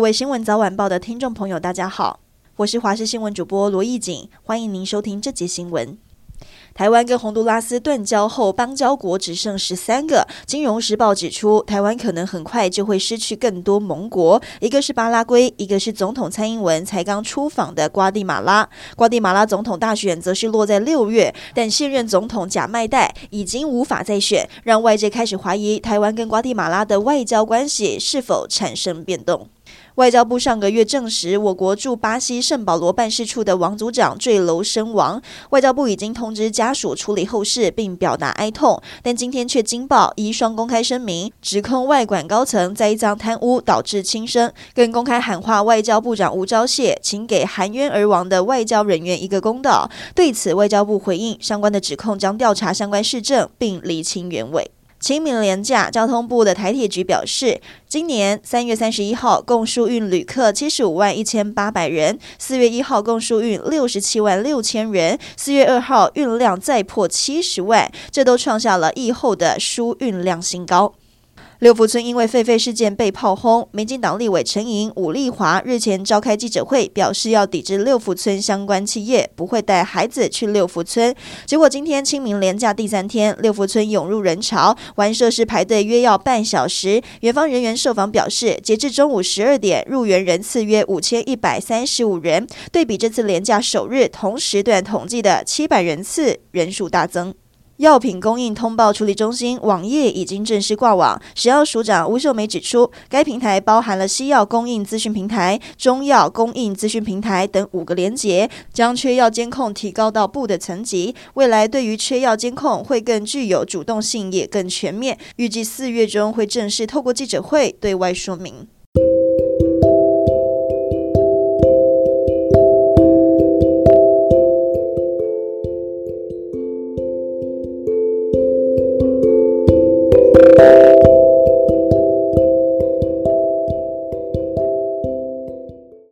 各位新聞早晚報的聽眾朋友，大家好，我是華視新聞主播羅藝錦，歡迎您收聽這節新聞。台灣跟宏都拉斯斷交後，邦交國只剩十三個。金融時報指出，台灣可能很快就會失去更多盟國，一個是巴拉圭，一個是總統蔡英文才剛出訪的瓜地馬拉。瓜地馬拉總統大選則是落在六月，但現任總統賈麥代已經無法再選，讓外界開始懷疑台灣跟瓜地馬拉的外交關係是否產生變動。外交部上個月證實，我國駐巴西聖保羅辦事處的王組長墜樓身亡。外交部已經通知家屬處理後事，並表達哀痛。但今天卻驚爆，遺孀公開聲明，指控外管高層栽贓貪污導致輕生，更公開喊話外交部長吳釗燮，請給含冤而亡的外交人員一個公道。對此，外交部回應，相關的指控將調查相關事證，並釐清原委。清明連假，交通部的台鐵局表示，今年三月三十一號共疏運旅客七十五萬一千八百人，四月一號共疏運六十七萬六千人，四月二號運量再破七十萬，這都創下了疫後的輸運量新高。六福村因為狒狒事件被炮轟，民進黨立委陳瑩、吳立華日前召開記者會，表示要抵制六福村相關企業，不會帶孩子去六福村。結果今天清明連假第三天，六福村湧入人潮，玩設施排隊約要半小時。園方人員受訪表示，截至中午十二點，入園人次約五千一百三十五人，對比這次連假首日同時段統計的七百人次，人數大增。藥品供應通報處理中心網頁已經正式掛網。食藥署長吳秀梅指出，該平台包含了西藥供應資訊平台、中藥供應資訊平台等五個連結，將缺藥監控提高到部的層級。未來對於缺藥監控會更具有主動性，也更全面。預計四月中會正式透過記者會對外說明。